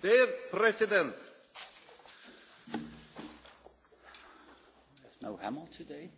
Dear President. There's no Hamill today.